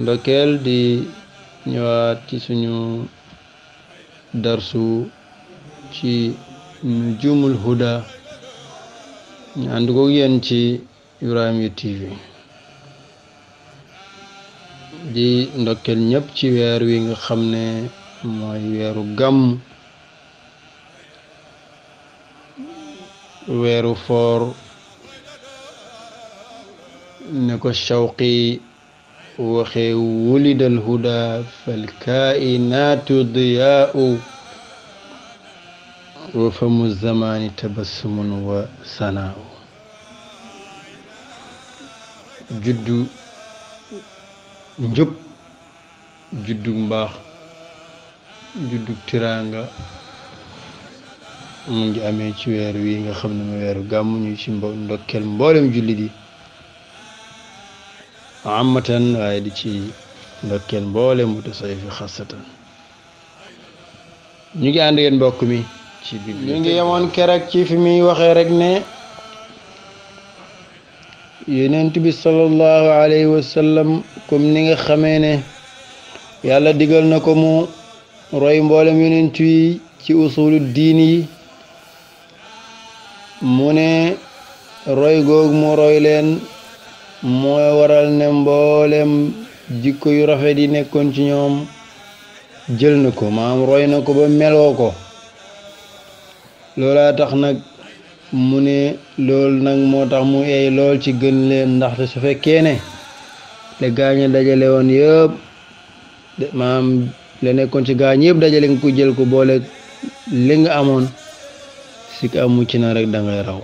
ndokkeel di ñëwaat ci suñu darsu ci jumul huda ñu ànd ko yéen ci Ibrahima TV di ndokkeel ñëpp ci weer wi nga xam ne mooy weeru gàmm weeru foor ne ko shawqi waxee wulida alhuda falkaainaatu diyaau wa famu zamaani tabassumun wa sanaau juddu njub juddu mbaax juddu tiraanga mu ngi amee ci weer wi nga xam ne ma weeru gàmmu ñu ci mbo ndokkeel mboolem jullit yi amatan waaye di ci ndokkeel mboole mu tasawuf xasatan ñu ngi ànd ngeen mbokk mi ci biir keroog ci fi muy waxee rek ne yonent bi sallallahu alayhi wa sallam ni nga xamee ne yàlla digal na ko mu roy mboolem yonent yi ci usulu mu ne roy googu mu roy leen mooy waral ne mboolem jikko yu rafet yi nekkoon ci ñoom jël na ko maam roy na ko ba meloo ko loolaa tax nag mu ne loolu nag moo tax mu eey lool ci gën leen ndaxte su fekkee ne le gaaña dajale woon yëpp maam la nekkoon ci gaañ yëpp dajale nga ko jël ko boole li nga amoon si amu ci na rek da raw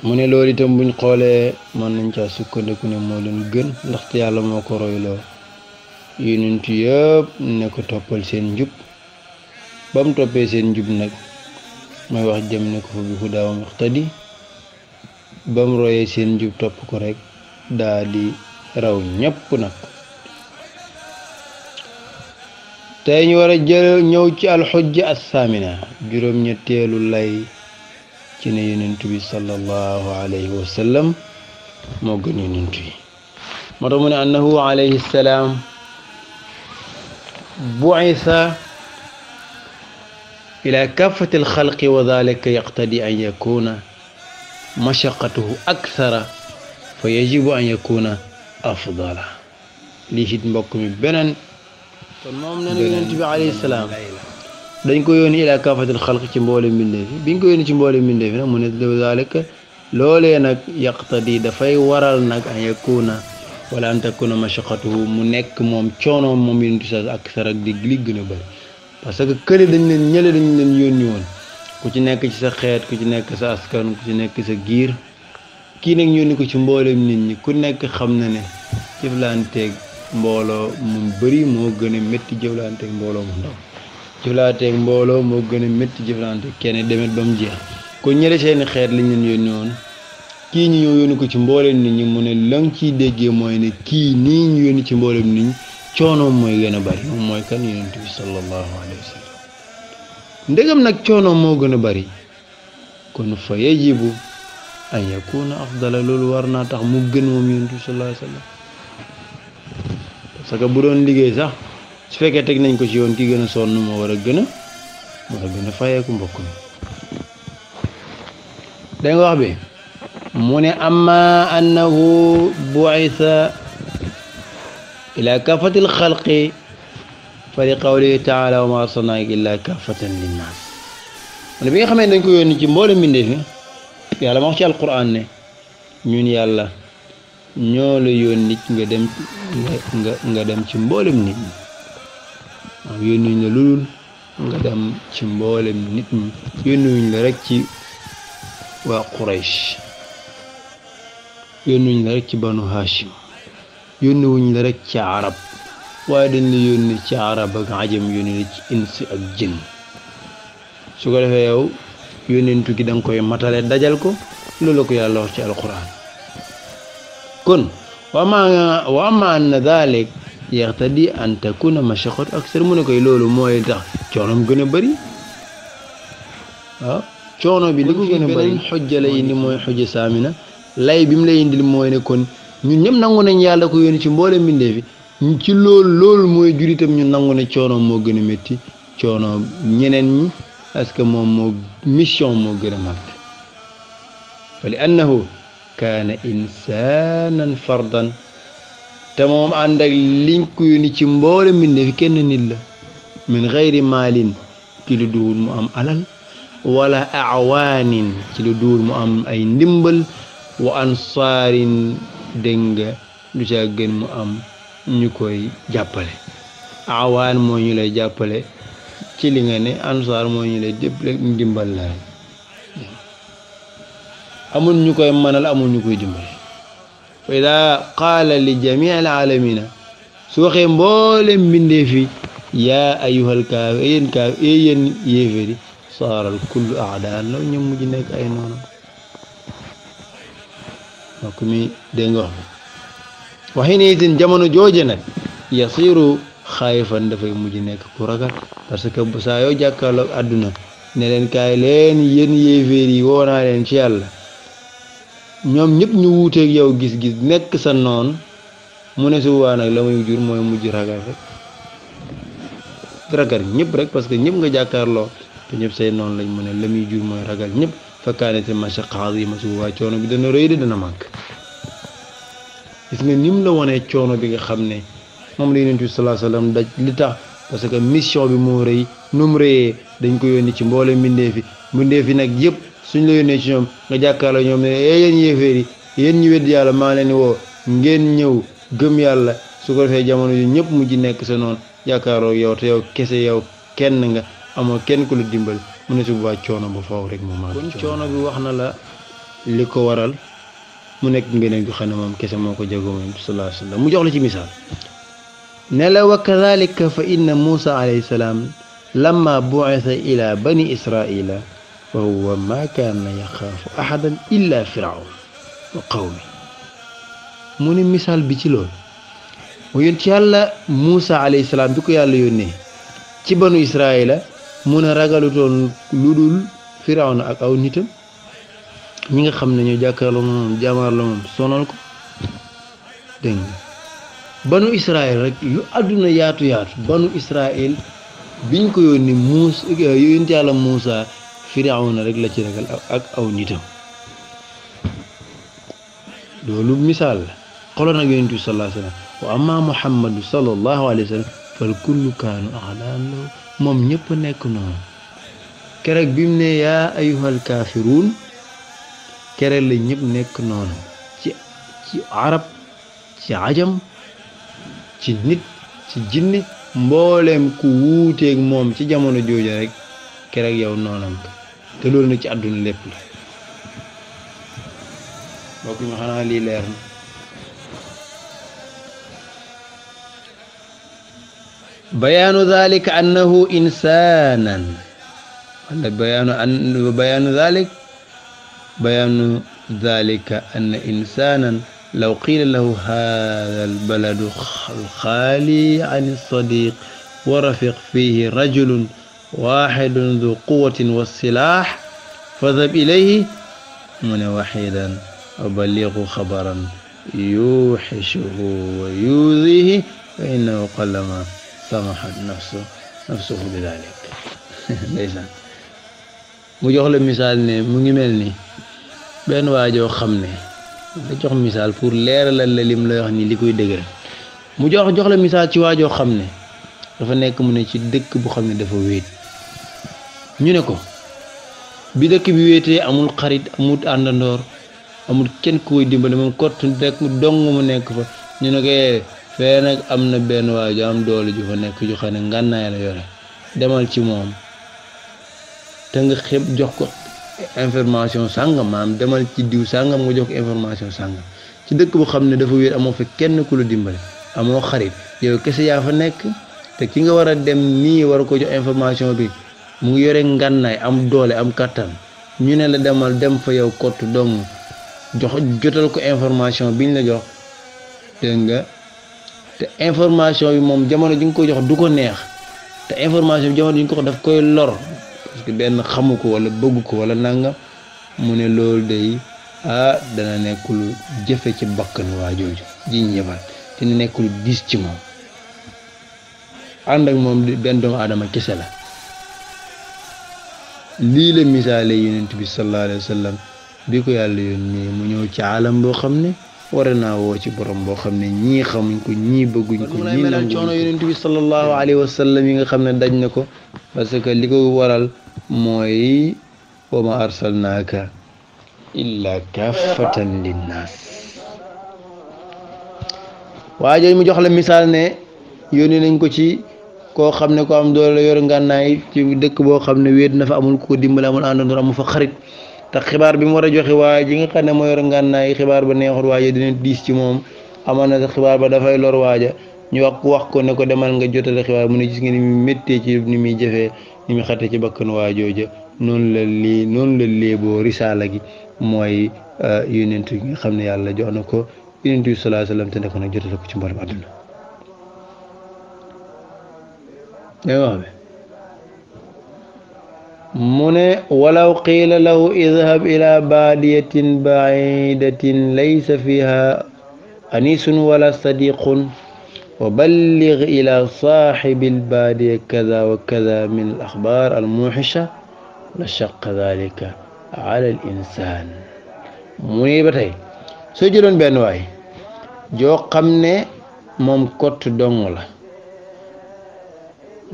mu ne loolu itam buñ xoolee mën nañ caa sukkandiku ne moo leen gën ndaxte yàlla moo ko royloo yonent yëpp ne ko toppal seen njub ba mu toppee seen njub nag may wax jëm ne ko fa bi hudaahum iqtadi ba mu royee seen njub topp ko rek daa raw ñépp nag tey ñu war a jël ñëw ci alxujja juróom-ñetteelu lay ci ne yonent bi sallallahu alayhi wa sallam mo gën yonent yi mo do mune annahu alayhi salam buisa ila kaffat al khalq wa dhalika yaqtadi an yakuna mashaqatuhu akthar fa yajib an yakuna afdala li it mbok mi benen kon mom nena yonent bi alayhi salam dañ ko yónni ilaa kaafatil xalq ci mboole mbindeef bi biñ ko yónni ci mboole mbindeef yi nag mu ne zaalika loolee nag yaqtadi dafay waral nag an yakuna wala an takuna mashaqatuhu mu nekk moom coonoom moom yonent bi ak akthar di li gën a parce que kële dañ leen ñële dañ leen yónni woon ku ci nekk ci sa xeet ku ci nekk sa askan ku ci nekk sa giir kii nag yónni ko ci mbooleem nit ñi ku nekk xam na ne jëflanteeg mbooloo mu bëri moo gën a métti jëflanteeg mbooloo mu ndaw jëflanteeg mbooloo moo gën a metti jëflante kenn demet ba mu jeex kon ñële seeni xeet lañ leen yónni woon kii ñu ñëw yónni ko ci mbooleem nit ñi mu ne lan ciy déggee mooy ne kii nii ñu yónni ci mbooleem nit ñi coonoom mooy gën a bari moom mooy kan yonent bi sallallahu alayhi wa sallam nag coonoom moo gën a bari kon fa ay an yakuna afdala loolu war naa tax mu gën moom yonent bi sallallahu alayhi wa bu doon liggéey sax su fekkee teg nañ ko ci yoon ki gën a sonn moo war a gën a moo war a gën a fayeeku mbokk mi da wax bi mu ne amma annahu buisa ila kaafati alxalqi fa li qawlihi taala wa ma arsalnaaka illa kaafatan linnaas mu ne bi nga xamee dañ ko yónni ci mboole mbindee fi yàlla ma wax ci alquran ne ñun yàlla ñoo la yónni nga dem nga nga dem ci mboolem nit ñi waaw yónnuñ la ludul nga dem ci mboolem nit ñi yónnuñ la rek ci waa Quraysh yónnuñ la rek ci banu Hashim yónnuwuñ la rek ci arab waaye dañ la yónni ci arab ak ajam yónni la ci insi ak jën su ko defee yow yónnentu gi da nga koy matale dajal ko loolu ko yàlla wax ci alquran kon wa ma wa ma yaxtadi an takuna mashaqatu aksar mu ne koy loolu mooy tax coonom gën a bëri waaw coono bi li ko gën a bëri xojja la mooy xojja saamina lay bi mu lay indil mooy ne kon ñun ñëpp nangu nañ yàlla ko yónni ci mboolem mbindee fi ci loolu loolu mooy jur ñu nangu ne coono moo gën a métti coono ñeneen ñi parce que moom moo mission moo gën a màgg fa li kaana insanan fardan te moom ànd ak liñ ko yónni ci mboole mbindeef kenn nit la min xayri maalin ci lu duwul mu am alal wala awaanin ci lu duwul mu am ay ndimbal wa ansaarin dégg nga lu ca gën mu am ñu koy jàppale awaan moo ñu lay jàppale ci li nga ne ansaar moo ñu lay dépp ndimbal la amul ñu koy manal amul ñu koy dimbale wa ida qaala li jamii al aalamiina su waxee mboolem mbindee fi yaa ayuhal kaaf yéen kaaf yéen saaral kullu aadaan la ñoom mujj nekk ay noonu mbokk mi dégg nga wax bi waxi nii jamono jooje nag yasiru xaayifan dafay mujj nekk ku ragal parce que saa yoo jàkkaarloog àdduna ne leen kaay leen yéen yi woonaa leen ci yàlla ñoom ñëpp ñu wuuteeg yow gis-gis nekk sa noon mu ne su waa nag la muy jur mooy mujj ragal rek ragal ñëpp rek parce que ñëpp nga jàkkaarloo te ñëpp say noonu lañ mu ne la muy jur mooy ragal ñëpp fakkaanete machaqa azima su waa coono bi dana rëy de dana màgg gis nga ni mu la wanee coono bi nga xam ne moom la yonent bi salaa salaam daj li tax parce que mission bi moo rëy nu mu rëyee dañ ko yónni ci mboole mbindeefi mbindeefi nag yëpp suñ la yónnee ci ñoom nga jàkkaarloo ñoom ne ee eh, yéen yéeféer yi yéen wedd yàlla maa leen woo ngeen ñëw gëm yàlla su ko defee jamono yu ñëpp mujj nekk sa noon jàkkaarloo yow te yow kese yow kenn nga amoon kenn ku la dimbal mu ne su bu faw rek moom wax na la li ko waral mu nekk ngëneel gi xam ne moom kese moo ko jagoo moom mu jox la ci misaal ne la wa kadalika fa inna Muusa alayhi salaam lamma bu'itha ila bani israila wa huwa ma kaana yaxaafu ahadan illa firawn wa qawmi mu ne misaal bi ci loolu mu yàlla Muusa alayhi salaam bi ko yàlla yónnee ci banu Israayila mu ne ragalutoon lu dul firawna ak aw nitam ñi nga xam ne ñoo jàkkaarloo moom jàmmaarloo moom sonal ko dégg banu Israayil rek lu àdduna yaatu yaatu banu Israayil biñ ko yónni Muusa yónni ci yàlla Muusa firawna rek la ci ragal ak aw nitam loolu misaal la xoloon ak yonent bi sallallahu alayhi wa sallam wa amma muhammadu sallallahu alayhi wa sallam fal kullu kaanu alaan law moom ñëpp nekk noonu kereg bi mu ne yaa ayuhal kaafiruun kere la ñëpp nekk noonu ci ci arab ci ajam ci nit ci jinni mbooleem ku wuuteeg moom ci jamono jooja rek kereg yow noonam te lolou na ci aduna lepp la bokk ma xana li leer بيان ذلك أنه إنسانا بيان أن بيان ذلك بيان ذلك أن إنسانا لو قيل له هذا البلد الخالي عن الصديق ورفق فيه رجل واحد ذو قوة والسلاح فاذهب إليه من وحيدا وبلغه خبرا يوحشه ويؤذيه فإنه قلما سمحت نفسه نفسه بذلك ليس mu jox la misaal ne mu ngi mel ni benn waajoo xam ne da jox misaal pour leeralal la lim la wax ni li koy dëgër mu jox jox la misaal ci waajoo xam ne dafa nekk mu ne ci dëkk bu xam ne dafa wéet ñu ne ko bi dëkk bi wéetee amul xarit amul àndandoor amul kenn ku koy dimbale moom kott rek mu dong mu nekk fa ñu ne ko eh, fee nag am na benn waay ju am doole ju fa nekk ju xam ne ngànnaay la yore demal ci moom te nga xeb jox ko information sàngam maam demal ci diw sàngam nga jox information sàngam ci dëkk bu xam ne dafa wéer amoo fa kenn kula la dimbale amoo xarit yow kese yaa fa nekk te ki nga war a dem nii war ko jox information bi mu yore ngànnaay am doole am katan ñu ne la demal dem fa yow kottu dong jox jotal ko information biñ la jox dégg nga te information bi moom jamono ji nga ko jox du ko neex te information bi jamono ji nga ko daf koy lor parce que benn xamu ko wala bëgg ko wala nangam mu ne loolu day ah dana nekk lu jëfe ci bakkan waa jooju ji ñëbal dina nekk lu ci moom ànd ak moom benn doomu aadama kese lii la misaale yonent bi sallallahu alayhi wa sallam bi ko yàlla yónnee mu ñëw ci alam boo xam ne war naa woo ci borom boo xam ne ñii xamuñ ko ñii bëgguñ ko ñii nanguñ ko coono yonent bi sallallahu alayhi wa sallam yi nga xam ne daj na ko parce que li ko waral mooy wa ma arsalnaaka illa kaafatan linnaas waaye mu jox misaal ne yónnee ko ci koo xam ne ko am doole la yor ngànnaay ci dëkk boo xam ne wéet na fa amul ko dimbale amul àndandoor amul fa xarit tax xibaar bi mu war a joxe waaye ji nga xam ne moo yor ngànnaay xibaar ba neexul waaye dina diis ci moom amoon na sax ba dafay lor waaja ñu wax wax ko ne ko demal nga jotale xibaar mu ne gis nga ni muy méttee ci ni muy jëfee ni muy xatte ci bakkan waajooja noonu la lii noonu la léeboo risaala gi mooy euh, yonent yi nga xam ne yàlla jox na ko yonent bi salaa sallam te ne ko nag jotale ko ci mboolem àdduna dégg nga mu ne walaw qiila lahu idhab ila baadiyatin baidatin laysa fiha anisun wala sadiqun wa balligh ila saaxibi albaadiya kada wa kada min alaxbaar almuuxisha la shaqa dalika ala alinsaan mu ne ba tey soo jëloon benn waay joo xam ne moom kott dong la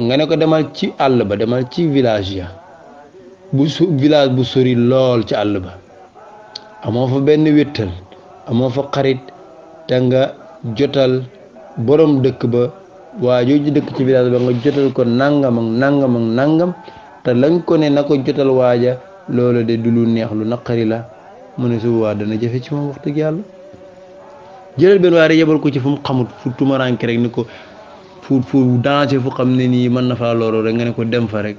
nga ne ko demal ci àll ba demal ci village ya bu su village bu sori lool ca àll ba amoo fa benn wéttal amoo fa xarit te nga jotal boroom dëkk ba waa ji dëkk ci village ba nga jotal ko nangam ak nangam ak nangam te lañ ko ne na ko jotal waaja loola de du lu neex lu naqari la mu ne su waa dana jafe ci moom wax dëgg yàlla jëlal benn waaye yebal ko ci fu xamut fu tumaranke rek ni ko pour pour danger fu xam ne nii mën na faa looloo rek nga ne ko dem fa rek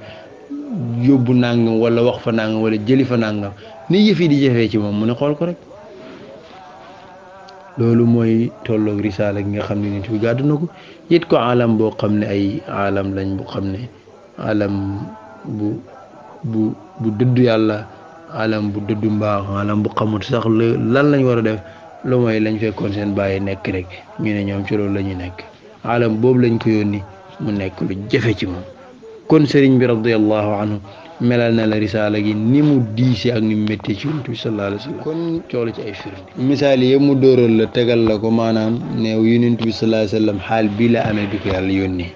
yóbbu nangam wala wax fa nangam wala jëli fa nangam ni yëf yi di jafee ci moom mu ne xool ko rek loolu mooy tolloog risaala nga xam ne nit bi gàddu ko yit ko alam boo xam ne ay alam lañ bu xam ne alam bu bu dëddu yàlla alam bu dëddu mbaax alam bu xamut sax lan lañu war a def lu mooy lañ fekkoon seen bàyyi nekk rek ñu ne ñoom ci loolu la ñu nekk alam boobu lañ ko yónni mu nekk lu jafe ci moom kon sëriñ bi radiallahu anhu melal na la risaala gi ni mu diise ak ni mu méttee ci yonent bi sallallahu alayhi wa sallam kon coolu ci ay firnde misaal yi mu dóoroon la tegal la ko maanaam ne yonent bi sallallahu alayhi wa sallam xaal bii la amee bi ko yàlla yónnee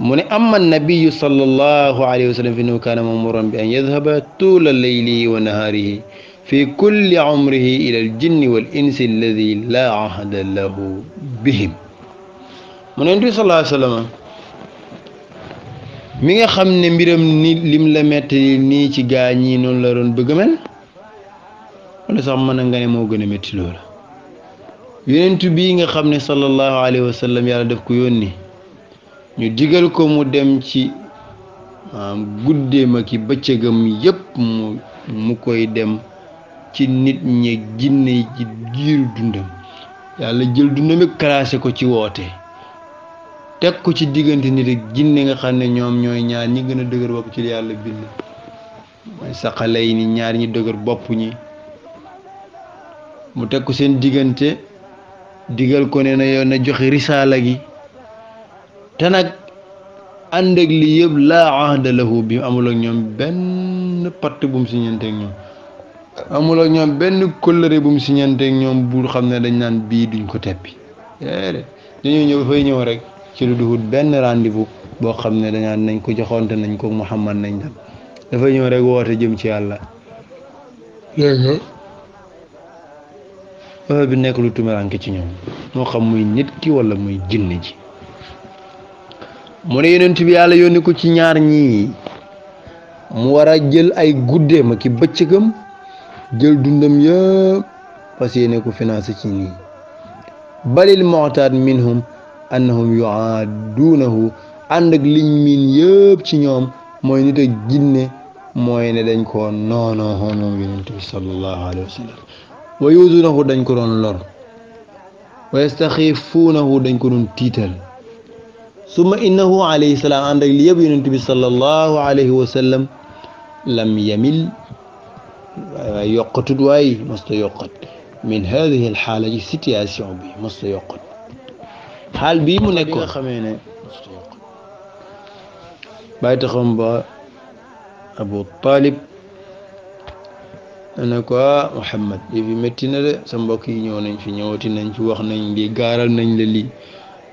mu ne amma nabiyu sallallahu alayhi wa sallam fi nu kaana mamuran bi an yadhaba tuula laylihi wa nahaarihi fi kulli umrihi ila al jinni wal insi alladi laa ahada lahu bihim mu ne Yonent bi sallallahu alayhi mi nga xam ne mbiram ni lim la metti nii ci gaa ñi noonu la doon bëgg mel wala sax mën a nga ne moo gën a métti loolu yonent bii nga xam ne sallallahu alayhi wa yàlla def ko yónni ñu digal ko mu dem ci maanaam ah, guddeem ak bëccëgam yépp mu koy dem ci nit ñi ginne ci giiru dundam yàlla jël dundam yépp ko ci woote tek ko ci digënté nit ak jinné nga xamné ñom ñoy ñaar ñi gëna dëgër bop ci yalla bind moy saxalé ni ñaar ñi dëgër bop ñi mu tek ko seen digënté digal ko né na yo na joxe risala gi té nak and ak li yeb la ahda lahu bi amul ak ñom ben patte bu mu siñanté ak ñom amul ak ñom ben kolere bu mu siñanté ak ñom bu xamné dañ nan bi duñ ko téppi dañu ñëw fay ñëw rek ci lu duhut benn rendez-vous boo xam ne dañaan nañ ko joxoonte nañ ko Muhammad nañ dem dafa ñëw rek woote jëm ci yàlla loolu mhm. bi nekk lu tumaranke ci ñoom moo xam muy nit ki wala muy jinni ji mu ne yonent bi yàlla yónni ko ci ñaar ñii mu war a jël ay guddeem ak i bëccëgam jël dundam yëpp fas yéene ko financé ci nii balil mu'taad minhum annahum yuaaduunahu ànd ak liñ miin yëpp ci ñoom mooy nit ak jinne mooy ne dañ ko noonoo xoonoom yonent bi sallallahu alayhi wa sallam wa yuudunahu dañ ko doon lor wa yastaxiifuunahu dañ ko doon tiital summa innahu alayhi salaam ànd ak li yëpp yonent bi sallallahu alayhi wa sallam lam yamil waaye yokkatut waaye mos ta yokkat min hadihi alxaala ci situation bi mos ta yokkat xaal bii mu nekkoon xamee ne bàyyi taxam ba Abu Talib ne ko ah Mouhamed yëf yi na de sa mbokk yi ñëw nañ fi ñëwati nañ fi wax nañ lii gaaral nañ la lii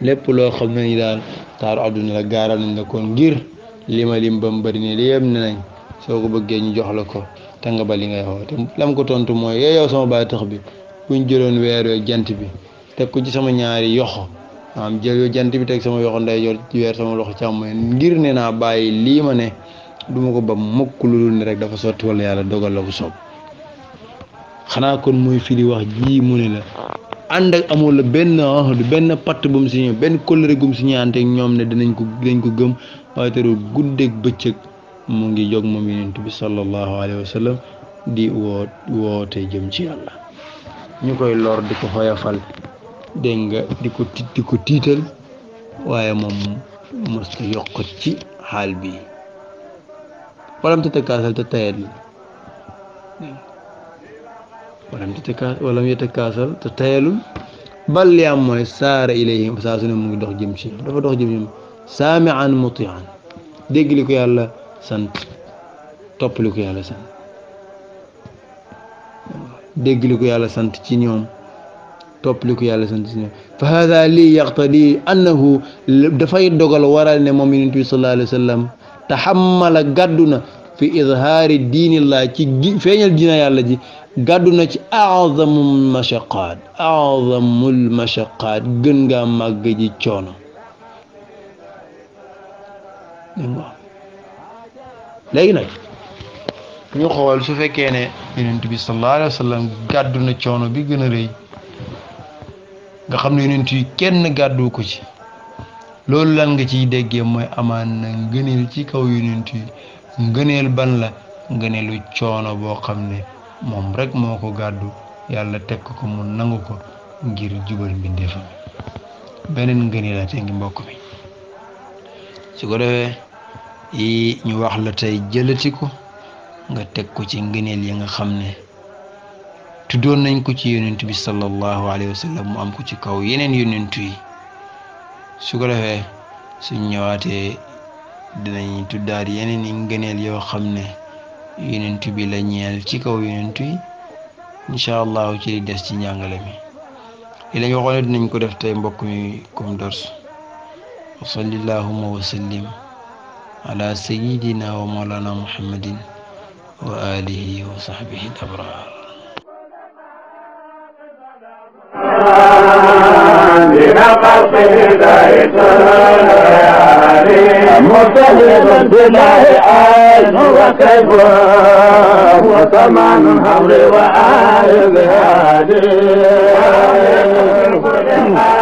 lépp loo xam ne daal taaru àdduna la gaaral nañ la kon ngir lima lim ba mu bëri nii lii yëpp soo ko bëggee ñu jox la ko te nga ba li ngay xoote lam ko tontu mooy yow sama bàyyi tax bi buñ jëloon weer jant bi teg ko ci sama ñaari yoxo am jël yo jant bi tek sama yoxo ci wer sama loxo cham ngir ne na bay li ma ne duma ko ba mukk lu lu ne rek dafa soti wala yalla dogal la ko sop xana kon fi di wax ji mu ne la and ak amul ben ah, du ben pat bu mu signé ben gum si ñaanteeg ñom ne dinañ ko dinañ ko gëm waaye terewul guddeeg bëccëg mu ngi jog moom yonent bi sallallahu alaihi wasallam di wo wote jëm ci yalla ñukoy lor di ko xoyafal dégg nga di ko ko tiital waaye moom mos na yokk ci xaal bi walam tatakaasal te tayet walam tatakaas walam yatakaasal te tayelul bal li am mooy saara ilayhim saa mu ngi dox jëm ci dafa dox jëm ci saamian mutian dégg li ko yàlla sant topp li ko yàlla sant dégg yàlla sant ci ñoom toppaliku yàlla sant si ñoom fa hada lii yaqtadi annahu dafay dogal waral ne moom yonent bi sallallahu alayhi wa sallam taxammala gàddu na fi izhaari diinillah ci feeñal diina yàlla ji gàddu na ci aazamul mashaqaat aazamul mashaqaat gën ngaa màgg ji coono léegi nag ñu xool su fekkee ne yonent bi sallallahu alayhi wa sallam na coono bi gën a rëy nga xam ne yonent yi kenn gàddu ko ci loolu lan nga ciy déggee mooy amaan na ngëneel ci kaw yonent yi ngëneel ban la ngëneelu coono boo xam ne moom rek moo ko gàddu yàlla teg ko ko mu nangu ko ngir jubal mbindeefam beneen ngëneel la te ngi mbokk mi su ko defee yi ñu wax la tey jëlati ko nga teg ko ci ngëneel yi nga xam ne tuddoon nañ ko ci yonent bi sallallahu alayhi wa mu am ko ci kaw yeneen yonent yi su ko defee suñ ñëwaatee dinañ tuddaat yeneen yi ngëneel yoo xam ne yonent bi la ñeel ci kaw yonent yi incha allahu ci des ci njàngale mi li lañ dinañ ko def tey mbokk mi comme dors wa salli allahuma wa sallim ala sayidina wa mawlana muhammadin wa alihi wa sahbihi al abrar نقص زيتون يا مرتهب بالله آل وكيف وثمان حول وآل بهادي